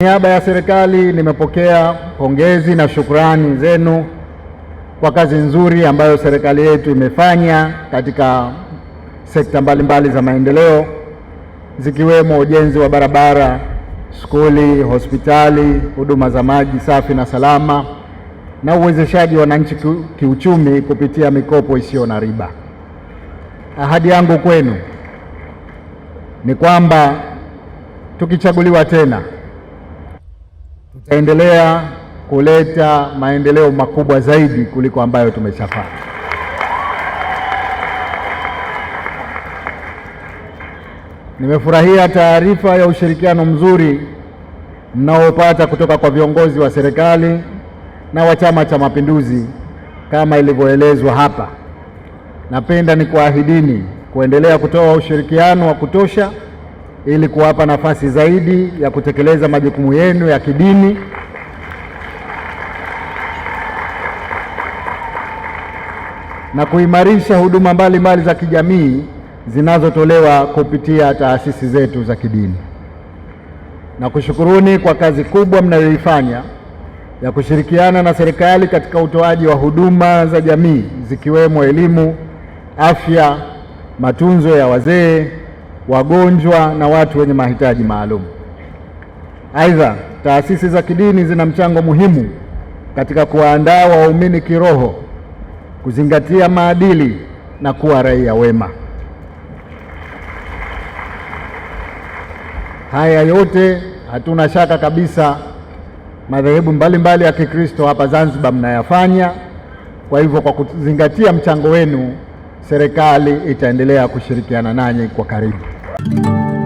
niaba ya serikali nimepokea pongezi na shukrani zenu kwa kazi nzuri ambayo serikali yetu imefanya katika sekta mbalimbali za maendeleo zikiwemo ujenzi wa barabara, skuli, hospitali, huduma za maji safi na salama na uwezeshaji wa wananchi kiuchumi kupitia mikopo isiyo na riba. Ahadi yangu kwenu ni kwamba tukichaguliwa tena tutaendelea kuleta maendeleo makubwa zaidi kuliko ambayo tumeshafanya. Nimefurahia taarifa ya ushirikiano mzuri mnaopata kutoka kwa viongozi wa serikali na wa Chama cha Mapinduzi kama ilivyoelezwa hapa. Napenda nikuahidini kuendelea kutoa ushirikiano wa kutosha ili kuwapa nafasi zaidi ya kutekeleza majukumu yenu ya kidini. na kuimarisha huduma mbalimbali za kijamii zinazotolewa kupitia taasisi zetu za kidini. Na kushukuruni kwa kazi kubwa mnayoifanya ya kushirikiana na serikali katika utoaji wa huduma za jamii zikiwemo elimu, afya, matunzo ya wazee wagonjwa na watu wenye mahitaji maalum. Aidha, taasisi za kidini zina mchango muhimu katika kuwaandaa waumini kiroho, kuzingatia maadili na kuwa raia wema. Haya yote hatuna shaka kabisa madhehebu mbalimbali ya Kikristo hapa Zanzibar mnayafanya. Kwa hivyo, kwa kuzingatia mchango wenu, serikali itaendelea kushirikiana nanyi kwa karibu. Thank you.